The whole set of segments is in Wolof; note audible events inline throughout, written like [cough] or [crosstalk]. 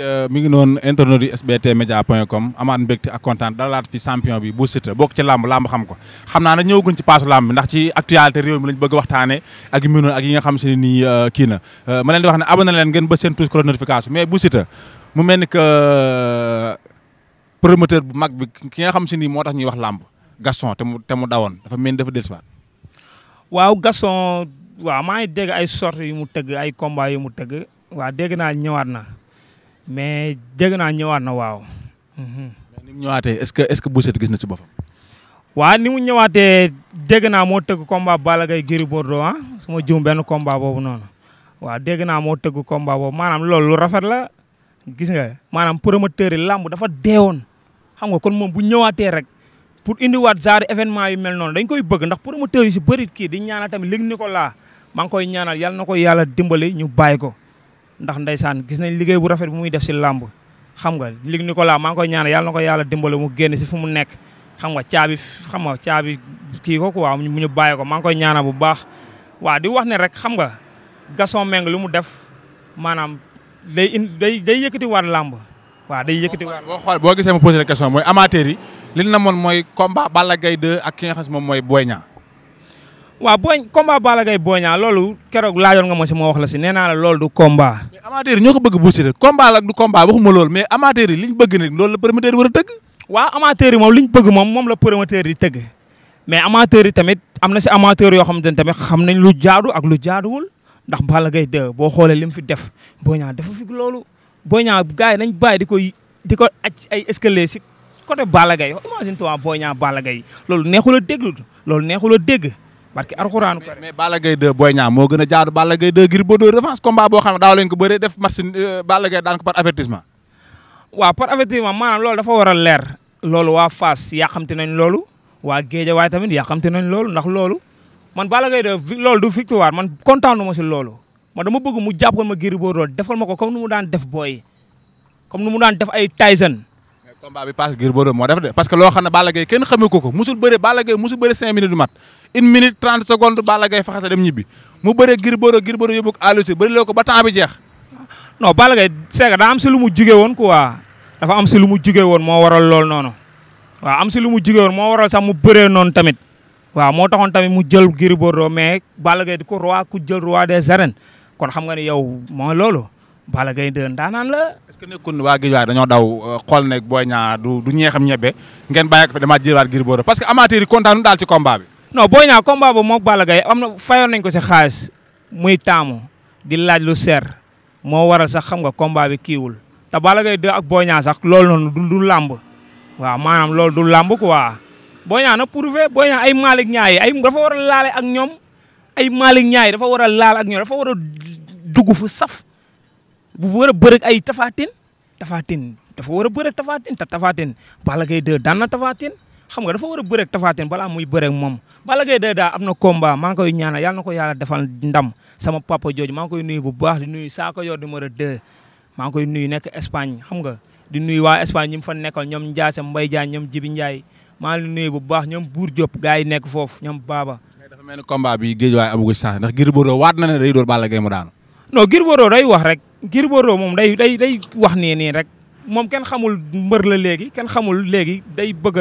Euh, mi ngi noonu internet yi SBT Média point com amaat mbégte ak kontaan dalalaat fi champion bi Bou Siteu bokk ci làmb làmb xam ko xam naa nag ñëwaguñ ci paasu làmb ndax ci actualité réew mi lañ bëgg waxtaane ak yu mel nga xam se ne nii euh, euh, ma leen di wax ne abonné leen ngeen ba seen touche cloche notification mais Bou Siteu mu mel promoteur bu mag bi ki nga xam se ni moo tax ñu wax làmb Gaston te mu te mu dawoon dafa mel ni dafa dellusiwaat waaw Gaston waaw maa ngi dégg ay sorties yu mu tëgg ay combats yu mu tëgg waaw dégg naa ñëwaat na mais dégg naa ñëwaat na waaw. Mhm. ni ñëwaatee est-ce que est-ce que Boucher gis na ci boppam. waaw ni mu ñëwaatee dégg naa moo tëgg combat bala Gaye Gris Bordeaux ah su ma juum benn combat boobu noonu waaw dégg naa moo tëgg combat boobu maanaam loolu lu rafet la gis nga maanaam promoteur yi làmb dafa deewoon xam nga kon moom bu ñëwaatee rek. pour indiwaat genre événement yi mel noonu dañ koy bëgg ndax promoteur yi si bëri kii di ñaanal tamit léegi ni ko laa maa ngi koy ñaanal yàlla na ko yàlla dimbali ñu bàyyi ko ndax ndeysaan gis nañ liggéey bu rafet bu muy def si làmb xam nga lig Nicolas maa ngi koy ñaanal yàlla na ko yàlla dimbale mu génn si fu mu nekk xam nga caabi xam nga caabi kii ko quoi mu ñu bàyyi ko maa ngi koy ñaana bu baax waaw di wax ne rek xam nga Gaston Mbengue lu mu def maanaam day in day day yëkkati war làmb waaw day yëkkati war boo xool boo gisee ma posé la question mooy amateur yi li na moon mooy combat Balla Gaye 2 ak ki nga xam moom mooy booy ñaa waaw booñ combat Balla Gaye Boy Niang loolu keroog laajoon nga ma si ma wax la si nee naa la loolu du combat. mais amateur yi ñoo ko bëgg Bou Siteu combat la ak du combat waxuma loolu mais amateur liñ bëgg nag loolu la promoteur yi war a tëgg. waaw amateur moom liñ bëgg moom moom la promoteur yi tëgg mais amateur yi tamit am na si amateur yoo xam xamante ne tamit xam nañ lu jaadu ak lu jaaduwul ndax Balla Gaye boo xoolee li mu fi def Boy Niang defu fi loolu Boy Niang gars yi nañ bàyyi di ko di ko aj ay escalier si côté Balla Gaye imagine toi Boy Niang Balla Gaye loolu neexul a déglu loolu neexul a dégg parce que alxuraanu ko mais Balla Gaye 2 Boy Niang moo gën a jaadu Balla Gaye 2 Gris Bordeaux revanche combat boo xam ne daaw lañ ko bëree def match euh, Balla Gaye daan ko par avertissement waaw par avertissement maanaam loolu dafa war a leer loolu waa Fass yàqamti nañ loolu waa Géeja waaye tamit yàqamti nañ loolu ndax loolu man Balla Gaye 2 loolu du victoire man kontaan ma si loolu ma dama bëgg mu jàpp ma Gris Bordeaux defal ma ko comme nu mu daan def booy comme nu mu daan def ay Tyson combat bi passe Gris Bordeaux moo def de parce que loo xam ne Balla Gaye kenn xamee ko ko musul bëre Balla Gaye musul bëre cinq minutes mat une minute trente secondes Balla Gaye dem ñibbi mu bëre Gris Bordeaux Gris Bordeaux yóbbu ko ba temps bi jeex non Balla Gaye seega daa am si mu jugee woon quoi dafa am si mu jugee woon moo waral lool noonu waaw am si mu jugee woon moo waral sax mu bëree noonu tamit waaw moo taxoon tamit mu jël Gris Bordeaux mais Balla Gaye ku jël roi des arènes kon Balla Gaye 2 ndaanaan la. est-ce que nekkul waa Guèye dañoo daw euh, xool ne Boy Niang du du ñeexam ñebe ngeen bàyyi ko fi damaa jëlaat Gris Bordeaux parce que amateur yi kontaanu daal ci combat bi. non Boy Niang combat boobu moog Balla Gaye am na fayoon nañ ko si xaalis muy taamu di laaj lu seer moo waral sax xam nga combat kiiwul te Balla Gaye ak Boy ñaa sax lool noonu du du làmb waaw maanaam loolu du làmb quoi. Boy ñaa na prouvé Boy Niang ay Malick Niaye ay dafa war a ak ñoom ay Malick Niaye dafa war a laal ak ñoom dafa war a dugg fu saf. bu war a bëreeg ay tafaatin tafaatin dafa war a bëreeg tafaatin te tafaatin Balla Gaye 2 daan na tafaatin xam nga dafa war a bëreeg tafaatin balaa muy bëreeg moom. Balla Gaye 2 daa am na combat maa ngi koy ñaanal yàlla na ko yàlla defal ndam sama papa jooj maa ngi koy nuyu bu baax di nuyu saako yor numéro 2 maa ngi koy nuyu nekk Espagne xam nga. di nuyu waa Espagne ñi mu fa nekkal ñoom Ndiass Mbaye Diagne ñoom Jibi Ndiaye maa ngi bu baax ñoom buur Diop gars yi nekk foofu ñoom baaba dafa mel ni bi géej waaye amagu ndax Gris Bordeaux waat na ne day door Balla Gaye mu wax rek Gris Bordeaux moom day day day wax nii nii rek moom kenn xamul mbër la léegi kenn xamul léegi day bëgg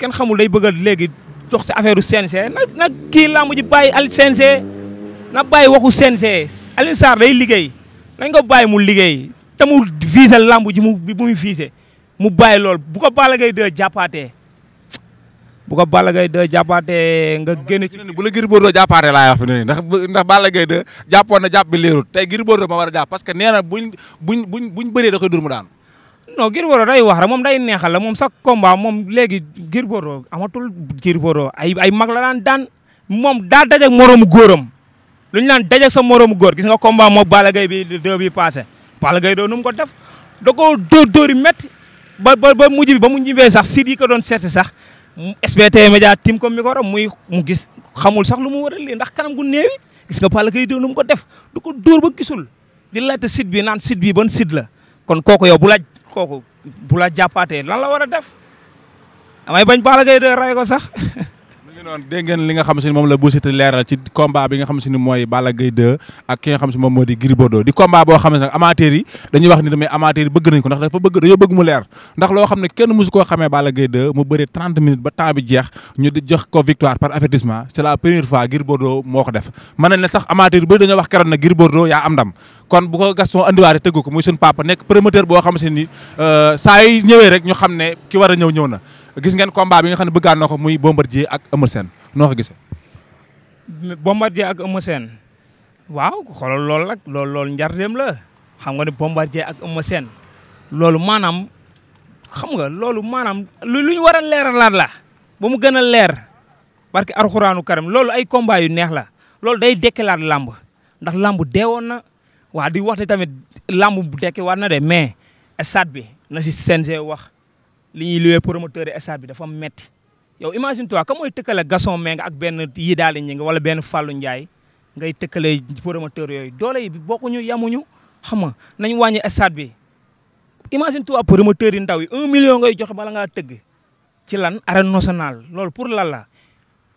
kenn xamul day bëgg léegi dox si affaire u na na kii làmb ji bàyyi al CNG na bàyyi waxu CNG Alioune Sarr day liggéey nañ ko bàyyi mu liggéey te mu visé làmb ji mu bi mu visé mu bàyyi lool bu ko Balla Gaye 2 jàppaatee bu ko Balla Gaye 2 jàppaatee nga génn ci. bu la Gris Bordeaux jàppaatee laay wax fi ne ndax ndax Balla Gaye 2 jàppoon na jàpp bi leerul tey Gris ma war a jàpp parce que buñ buñ buñ buñ bëree da koy dur daan. non Gris day wax rek moom day neexal la moom sax combat moom léegi Gris Bordeaux amatul Gris Bordeaux ay ay mag la daan daan moom daa moro moroomu góoram lu naan dajeeg sa moroomu góor gis nga combat moom Balla Gaye bi deux bi passé Balla Gaye doo nu mu ko def da koo dóor dóori métti ba ba ba mujj bi ba mu ñibbee sax sit yi ko doon seeti sax SBT Média tim ko micro muy mu gis xamul sax lu mu war a lii ndax kanam gu néewi gis nga Balla Gaye nu mu ko def du ko dóor ba gisul di laajte site bi naan site bi ban site la kon kooku yow bu la kooku bu la jàppaatee lan la war a def amay bañ Balla Gaye de ray ko sax [laughs] ñu noonu dégg ngeen li nga xam si ne moom la Bou leeral ci combat bi nga xam si ne mooy Balla Gaye 2 ak ki nga xam si moom moo di Gris Bordeaux di combat boo xam ne nag amateurs yi dañuy wax ni damay amateurs yi bëgg nañ ko ndax dafa bëgg dañoo bëgg xam ne kenn mosu koo xamee Balla Gaye 2 mu bëree 30 minutes ba di jox ko victoire par avertissement c'est la première fois Gris moo ko def mën nañ ne sax amateurs yi dañoo wax keroon na Gris Bordeaux yaa am ndam kon bu ko Gaston andiwaatee tëgg ko xam si ni euh, saa war a ñëw ñëw na gis ngeen combat bi nga xam ne bëggaan na muy Bombardier ak Eumeu Sène noo ko gisee. Bombardier ak Eumeu Sène waaw xoolal loolu rek loolu loolu njardeem la xam nga ne Bombardier ak Eumeu Sène loolu maanaam xam nga loolu maanaam lu lu ñu war a leeralaat la ba mu gën a leer barke arxuraanu karam loolu ay combat yu neex la loolu day dekkelaat làmb ndax làmb deewoon na waa di wax ne tamit làmb bu dekke war na de mais stade bi na si seen CNG wax. li ñuy luwee promoteur yi stade bi dafa metti yow imagine toi ka mooy tëkkale Gaston Mbengue ak benn yi daal di nga wala benn Fallou Ndiaye ngay tëkkale promoteur yooyu doole yi bokkuñu yamuñu xam nga nañ wàññi stade bi imagine toi promoteur yi ndaw yi un million ngay joxe bala ngaa tëgg ci lan arène nationale loolu pour lan la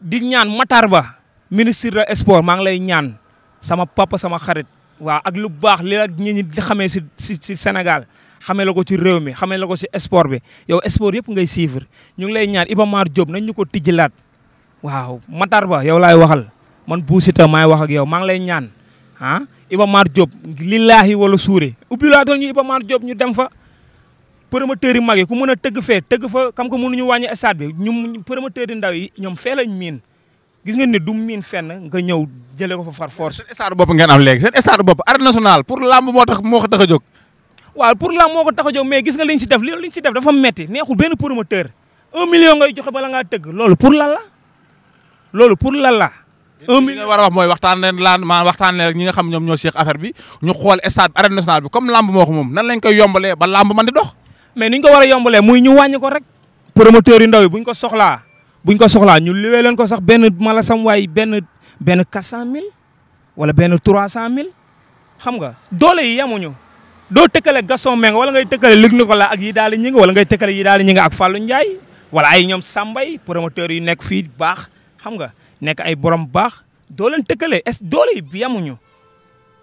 di ñaan Matar Ba ministre de maa ngi lay ñaan sama papa sama xarit waaw ak lu baax li la ñi xamee si si si Sénégal xamee la ko ci réew mi xamee la ko ci sport bi yow sport yëpp ngay suivre ñu ngi lay ñaan Iba maar Diop na ñu ko tijjilaat waaw Matar Ba yow laay waxal man Bou Siteu maay wax ak yow maa ngi lay ñaan ah Iba Mar Diop lillaahi wala suure ubbilaatal ñu Iba Mar Diop ñu dem fa promoteur yi mag yi ku mën a tëgg fee tëgg fa xam ko ñu wàññi stade bi ñum promoteur yi ndaw yi ñoom fee lañ miin gis nga nit du miin fenn nga ñëw jëlee ko fa far force. seen stade bopp ngeen am léegi seen lamb moo tax moo ko tax a jóg. waaw pour lam moo ko tax a jóg mais gis nga li ñu si def li ñu si def dafa metti neexul benn promoteur un million ngay joxe bala ngaa tëgg loolu pour lan la loolu pour lan la. un million nga war a wax mooy waxtaan leen laan maa waxtaan leen rek ñi nga xam ñoom ñoo seex affaire bi ñu xool stade arène nationale bi comme lamb moo ko moom nan lañ koy yombalee ba lamb man di dox. mais ni ko war a yombalee muy ñu wàññi ko rek. promoteur yu ndaw yi buñ ko soxlaa buñ ko soxlaa ñu liwee leen ko sax benn mala sam waay benn benn 400000 wala benn 300000 xam nga doole yi yemuñu doo tëkkale Gaston Mbengue wala ngay tëkkale Luc Nicolas ak yi daal di nga wala ngay tëkkale yi daal di ñi nga ak Fallou Ndiaye wala ay ñoom Sambay promoteur yu nekk fii baax xam nga nekk ay borom baax doole leen tëkkale est doole yi bi yamuñu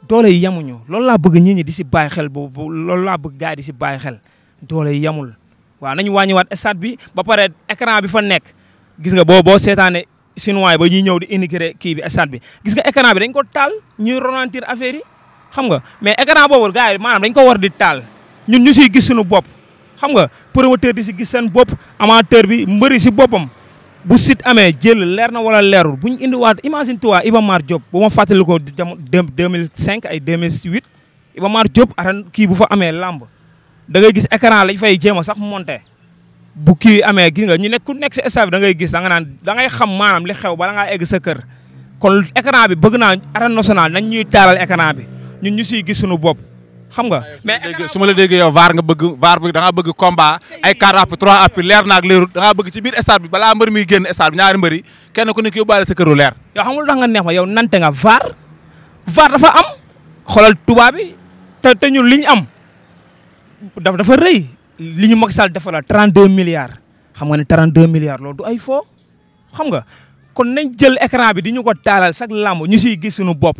doole yi yamuñu loolu laa bëgg nit ñi di si bàyyi xel boobu loolu laa bëgg gars di si bàyyi xel doole yi yamul waaw nañu wàññiwaat stade bi ba pare écran bi fa nekk gis nga boo boo seetaane chinois yi ba ñuy ñëw di intégrer kii bi stade bi gis nga écran bi ko taal ñuy ralentir affaire yi xam nga mais écran boobu gars yi maanaam dañ ko war di taal ñun ñu siy gis suñu bopp xam nga promoteur bi si gis seen bopp amateur bi mbëri si boppam bu sit amee jël leer na wala leerul bu ñu indiwaat imagine toi Iba Mar Diop bu ma fàttali ko jamono deux mille cinq ay deux mille huit Mar Diop aran kii bu fa amee làmb da ngay gis écran lañ fay jéem a sax monté bu kii amee gis nga ñu nekk ku nekk si stade bi da ngay gis da nga naan da xam maanaam li xew bala ngaa egg sa kër kon écran bi bëgg naa arène nationale nañ ñuy taalal écran bi ñun ñu siy gis suñu bopp xam nga. mais su ma la déggee yow vaar nga bëgg vaar bi da bëgg combat ay 4 appui 3 appui leer naag leerut da ngaa bëgg ci biir stade bi balaa mbër miy génn stade bi ñaari mbër yi kenn ku nekk yóbbaale sa këru leer. yow xam nga lu tax nga neex ma yow nante nga vaar dafa am xoolal tubaab bi te te li am dafa dafa rëy li ñu Macky Sall defal la 32 milliards xam nga ne 32 milliards loolu du ay fo xam nga kon nañ jël écran bi di ñu ko taalal chaque lamb ñu siy gis sunu bopp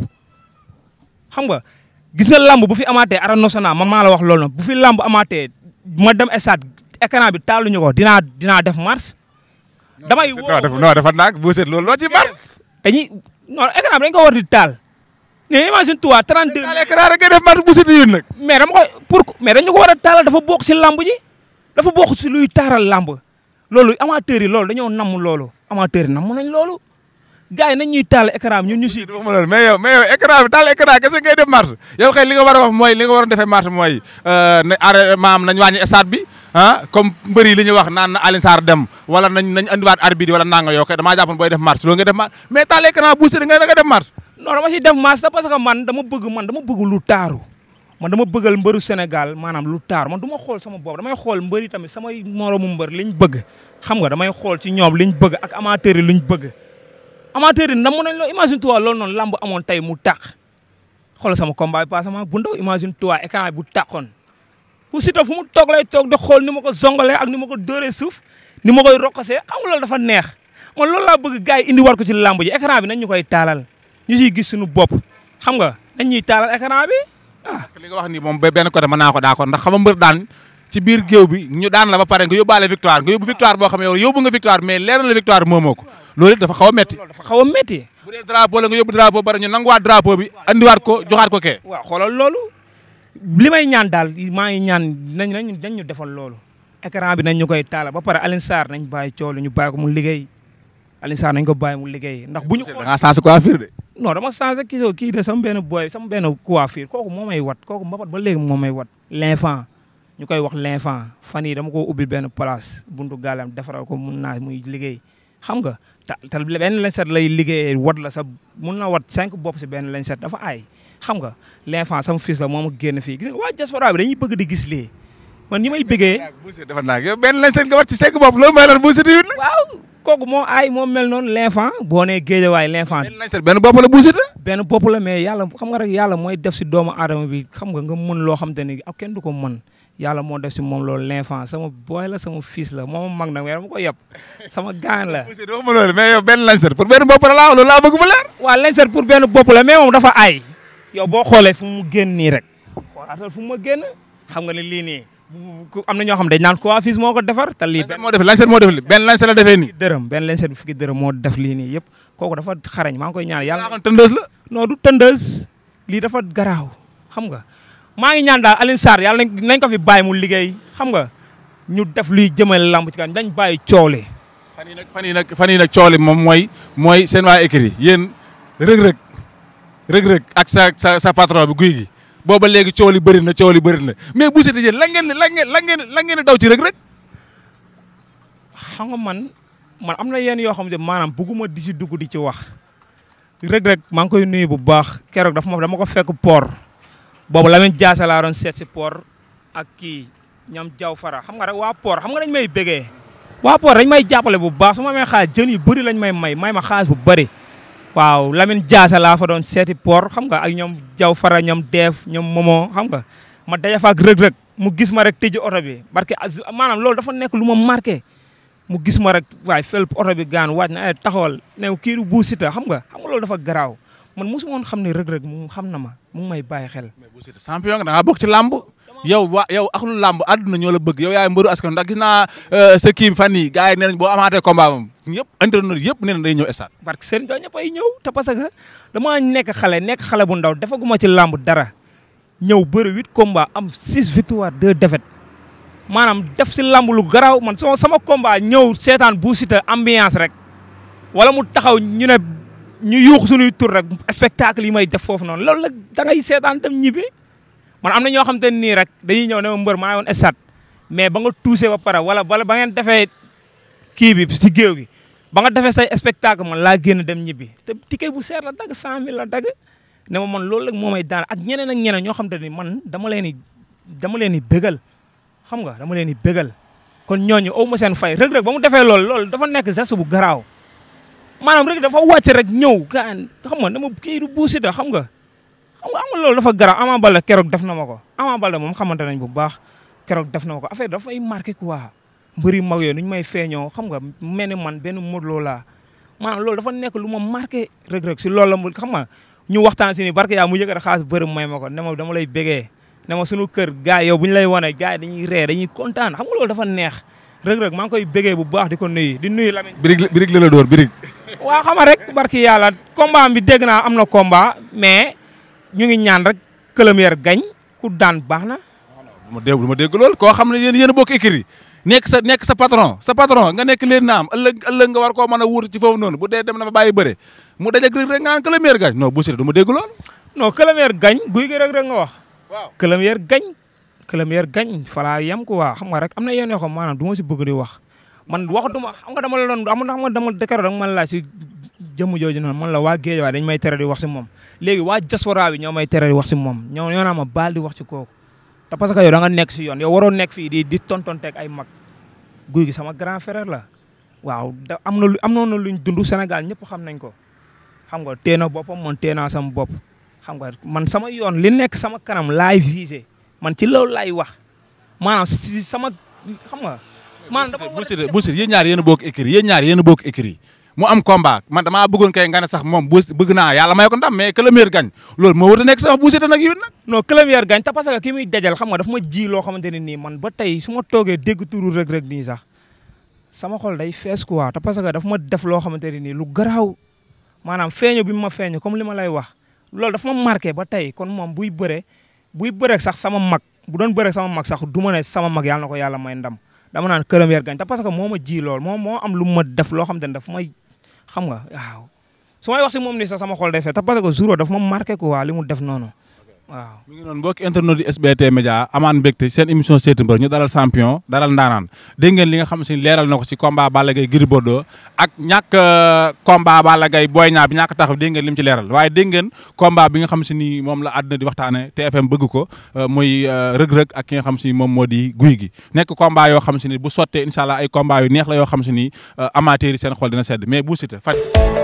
xam nga gis na lamb bu fi amaatee arène nationale man maa la wax loolu nag bu fi lamb amaatee ma dem stade écran bi taaluñu ko dinaa dinaa def marche. damay woo non dafa naag boo seet lool loo ci marche. dañuy non écran bi dañu ko war di taal. mais imagine toi 32. rek nga def marche mais dama pour mais dañu ko war a taalal dafa bokk si lamb ji. dafa bokk si luy taaral lamb loolu amateurs yi loolu dañoo namm loolu amateurs yi namm nañ loolu. gars yi nañ taal écran ñu si. mais yow mais yow écran war a mooy li war a defee marche mooy euh, na arrêté maam nañ wàññi stade bi ah comme mbër yi wax naan na Alioune Sarr dem wala nañ nañ andiwaat arbitre yi wala naa nga yow kay damaa jàppoon booy def marche loolu nga def marche mais taal écran boosté nga nga def marche. non dama si def marche parce que man dama bëgg man dama bëgg lu taaru man dama bëggal mbëru Sénégal maanaam lu taaru man duma xool sama bopp damay xool mbëri tamit samay moromu mbër bëgg xam nga damay xool ci ñoom liñ bëgg ak amateur yi liñ bëgg amateur na ndamu nañ loolu imagine toi loolu noonu lamb amoon tey mu tàq xool sama combat bi passement bu ndaw imagine toi écran bu tàqoon bu Siteu fu mu toog lay toog di xool ni ma ko zongalee ak ni ma ko dóoree suuf ni ma koy rokkosee xam nga loolu dafa neex man loolu laa bëgg gars yi indi war ko ci lamb ji écran bi nañ ñu koy taalal ñu ciy gis suñu bopp xam nga nañ ñuy taalal écran bi ah. parce que li nga wax nii moom benn côté mën naa ko d'accord ndax xam nga mbër ci biir géew bi ñu daan la ba pare nga yóbbaale victoire nga yóbbu victoire boo xam ne yow yóbbu nga victoire mais leer na la victoire moomoo ko loolu dafa xaw a metti dafa xaw a metti bu dee la nga yóbbu drapeau ba ñu nanguwaat drapeau bi andiwaat ko joxaat ko kee waaw loolu li may ñaan daal maa ngi ñaan nañ nañ dañ ñu defal loolu écran bi nañ ñu koy taala ba pare Alioune na nañ bàyyi coow ñu bàyyi ko mu liggéey Alioune Sarr nañ ko bàyyi mu liggéey ndax bu ñu da ngaa changé de non dama changé kii kii de sama benn boy sama benn coiffure kooku moo may wat kooku mbapat ba léegi moo may wat l'infant ñu koy wax l'infant fan yi dama ko ubbi benn place buntu gaalam defara ko mun naa muy liggéey xam nga ta te benn lañset lay liggéeyee wat la sa mun na wat cinq bopp si benn lañset dafa ay xam nga l'infant sama fils la moom génn fii nga di gis lii man ñi may bëggee dafa naag yow benn lañset nga wat ci cinq bopp loolu may la waaw kooku moo boo nee géejawaay l'infant benn bopp la buuse la benn la xam nga rek yàlla mooy def si doomu aadama bi xam nga nga mën loo xam te ne ak kenn du ko mën yàlla moo def si moom loolu l'enfant sama boy la sama fils la moom mag nag mais dama ko yab sama gaan la. monsieur dama benn lanceur pour benn bopp la laa loolu laa bëgg mu leer. waaw lanceur pour benn bopp la mais moom dafa aay. yow boo xoolee fu mu génn nii rek xoolaatal fu mu génn xam nga ne lii nii am na ñoo xam de naan ko fils moo ko defar. te lii benn moo def lanceur moo def lii benn lanceur la defee nii. dërëm benn lanceur bi fukki dërëm moo def lii yëpp kooku dafa xarañ maa ngi koy ñaan yàlla. tëndeuse la. non du tëndeuse lii dafa garaaw xam nga maa ngi ñaan daal Alioune Sarr yàlla nañ ko fi bàyyi mu liggéey xam nga ñu def luy jëmale lamb ci kanam dañ bàyyi coow li. fan yii nag fan yii nag fan yii nag coow moom mooy mooy seen waa écrit yéen rëg-rëg ak sa sa sa patron bi guy gi booba léegi coow li bëri na coow li bëri na mais bu seetee la ngeen la ngeen la ngeen la ngeen daw ci rëg-rëg. xam nga man man am na yenn yoo xam ne maanaam bugguma di ci dugg di ci wax rëg-rëg maa ngi koy nuyu bu baax keroog dafa ma dama ko fekk poor boobu Lamine Diassé laa doon seet si port ak kii ñam jaw fara xam nga rek waa port xam nga dañ may bégee waa port dañ may jàppale bu baax su ma amee xaalis jën yu bëri lañ may may may ma xaalis bu bari waaw Lamine jaasa laa fa doon seeti port xam nga ak ñoom jaw fara ñoom deef ñoom momo xam nga ma daja fa ak rëg-rëg mu gis ma rek tëj oto bi parce que maanaam loolu dafa nekk lu ma marqué mu gis ma rek waaye fel oto bi gaan waaj na ay eh, taxawal ne kii du Bou xam nga xam loolu dafa garaaw man mosuma woon xam ne rëg-rëg mu xam na ma mu may bàyyi xel. mais bu Siteu champion nga da làmb. yow waa yow ak lu làmb àdduna ñoo la bëgg yow yaay mbëru askan ndax gis naa euh, sa kii fan yii gars yi nee nañ boo amaatee combat moom ñëpp entraîneur yëpp nee nañ day ñëw stade. parce que seen doo ñëpp ay ñëw te parce que damaa nekk xale nekk xale bu ndaw defaguma ci làmb dara ñëw bëri huit combat am six victoire deux défaites maanaam def si làmb lu garaaw man sama combat ñëw seetaan bu Siteu ambiance rek wala mu taxaw ñu yuux suñuy tur rek spectacle yi may def foofu noonu loolu la da ngay seetaan dem ñibbi man am na ñoo xam te nii rek dañuy ñëw ne ma mbër maa woon stade mais ba nga tuusee ba pare wala wala ba ngeen defee kii bi si géew gi ba nga defee say spectacle man laa génn dem ñibbi te ticket bu seer la dagg cent mille la dagg ne ma man lool rek moo may daan ak ñeneen ak ñeneen ñoo xam te ni man dama leen di dama leen di bégal xam nga dama leen di bégal kon ñooñu aw ma seen fay rëg-rëg ba mu defee loolu loolu dafa nekk geste bu garaaw maanaam rek dafa wàcc rek ñëw gaan xam nga dama kii du Bou Siteu xam nga xam nga amul loolu dafa garaaw Ama Baldé keroog def na ma ko Ama Baldé moom xamante nañ bu baax keroog def na ma ko affaire dafay marqué quoi mbëri mag yooyu nuñ may feeñoo xam nga mel ni man benn Modou Lo laa maanaam loolu dafa nekk lu ma marqué Reug Reug si loolu xam nga ñu waxtaan si ni barke yaa mu yëkkati xaalis bërëm may ma ko ne ma dama lay bégee ne ma sunu kër gars yow bu ñu lay wane gars yi dañuy ree dañuy kontaan xam nga loolu dafa neex Reug Reug maa ngi koy bégee bu baax di ko di nuyu Lamine. birig birig la la door waaw xam nga rek barki yàlla combat bi dégg naa am na combat mais ñu ngi ñaan rek këlëmeer gañ ku daan baax na. du ma dégg dégg lool koo xam ne yen yéen bokk écrit nekk sa nekk sa patron sa patron nga nekk leen naam ëllëg ëllëg nga war koo mën a wuutu ci foofu noonu bu dee dem na fa bàyyi bëre mu daje rek rek nga naan këlëmeer gañ non bu si du ma dégg lool. non këlëmeer gañ guy gi rek rek nga wax. waaw këlëmeer gañ. këlëmeer gañ falaa yem ko waa xam nga rek am na yeneen yoo xam maanaam du si bëgg di wax man waxatuma xam nga dama la doon am xam nga dama déclaré rek man laa si jëmm jooju noonu man la waa géej waaye dañ may tere di wax si moom léegi waa diaspora bi ñoo may tere di wax si moom ñoo ñoo naa ma baal di wax si kooku te parce que yow da nga nekk si yoon yow waroo nekk fii di di tontonteeg ay mag guy gi sama grand frère la waaw da am na lu am noonu luñ dund Sénégal ñëpp xam nañ ko xam nga tee na boppam man tee naa sama bopp xam man sama yoon li nekk sama kanam laay visé man ci loolu laay wax maanaam si sama xam nga man dama Bou Siteu Bou Siteu yéen ñaar yéen a bokk écrit yéen ñaar a bokk écrit mu am combat man damaa kay nga sax moom bu bëgg naa yàlla may ko ndam mais que le meilleur loolu moo war a nekk sax Bou Siteu nag yow nag non que le meilleur gagne te parce que ki muy dajal xam nga daf ma ji loo xamante nii man ba tey su ma toogee dégg turu Reug rek nii sax sama xol day fees quoi te parce que daf ma def loo xamante ne nii lu garaaw maanaam feeñu bi mu ma feeñu comme li ma lay wax loolu daf ma marqué ba tey kon moom buy bëre buy bëre sax sama mag bu doon bëre sama mag sax du ma ne sama mag yàlla na ko yàlla may ndam dama naan këram yar gañ te parce que moo ma ji lool moo moo am lu ma def loo xam te ne daf xam nga waaw su may wax moom ni sax sama xol day fekk te parce que Zoro daf ma marqué quoi li mu def noonu waaw mi ngi noonu mbokki internet di SBT Média amaan mbégte seen émission seeti mbër ñu dalal champion dalal ndaanaan dégg ngeen li nga xam si leeral na ko si combat Balla Gaye Gris Bordeaux ak ñàkk euh, combat Balla Gaye Boy Niang bi ñàkk taxaw dégg ngeen li mu ci leeral waaye dégg ngeen combat bi nga xam si ni moom la àdduna di waxtaane TFM bëgg ko euh, muy euh, rëg-rëg ak ki nga xam si moom moo di guy gi nekk komba yoo xam si ni bu sottee incha ay combat yu neex la yoo xam si ni amateur yi seen xol dina sedd mais bu sita faj